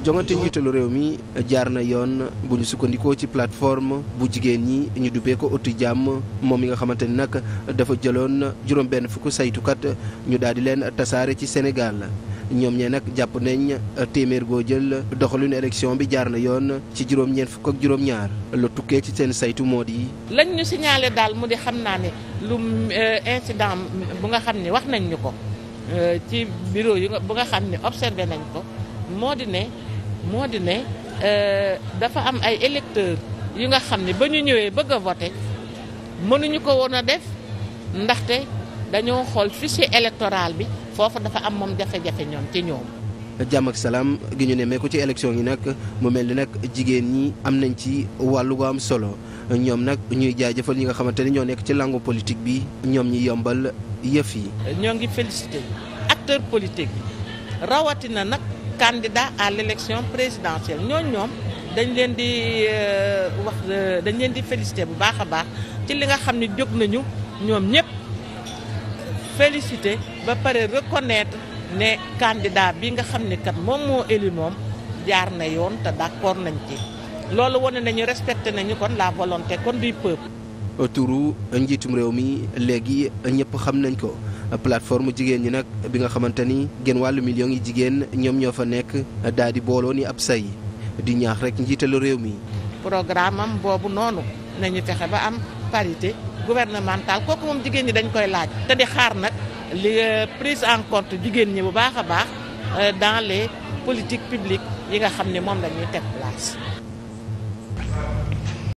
jongante njiitalu réew mi jaar na yoon bu ñu sukkandikoo ci plateforme bu jigéen ñi ñu dubbee ko ëttu jàmm moom yi nga xamante ni nag dafa jëloon juróom benn fukk saytukat ñu daal di leen tasaare ci senegal la ñoom ñee nag jàpp nañ téeméer goo jël doxalinu élection bi jaar na yoon ci juróom ñeen fukk ak juróom-ñaar la tukkee ci seen saytu moo yi lañ ñu daal mu di xam naa ne lu euh, incident bu nga xam ne wax nañ ñu ko euh, ci bureau yi bu nga xam moo di ne. moo di ne euh, dafa am ay électeurs yi nga xam ne ba ñu ñëwee bëgg a voté mënuñu ko woon a def ndaxte dañoo xool fichier électoral bi foofu dafa am moom jafe-jafe ñoom ci ñoom. jàmm ak salaam gi ñu ne nemmeeku ci élection yi nag mu mel ni nag jigéen ñi am nañ ci wàllu gu am solo ñoom nag ñuy jaajëfal ñi nga xamante ni ñoo nekk ci langue politique bi ñoom ñi yombal yëf yi. ñoo ngi félicité acteur politique rawatina nag. candidat à l'élection présidentielle ñooñ ñoom dañ leen di euh, wax euh, dañ leen di félicité bu baax a baax ci li nga xam ne jóg nañu ñoom ñëpp féliciter ba pare reconnaître ne candidat bi nga xam ne kat moom moo élu moom jaar na yoon te d'accord nañ ci loolu wane nañu respecté nañu kon la volonté kon du peuple. turu njiitum réew mi léegi ñëpp xam nañ ko. plateforme jigéen ñi nag bi nga xamante ni genn wàllu millions yi jigéen ñoom ñoo fa nekk daal di booloo ni ab say di ñaax rek njiitalu réew mi. programme am boobu noonu nañu fexe ba am parité gouvernementale kooku moom jigéen ñi dañu koy laaj te di xaar nag li euh, prise en compte jigéen ñi bu baax a baax euh, dans les politiques publiques yi nga xam ne moom la ñuy teg place.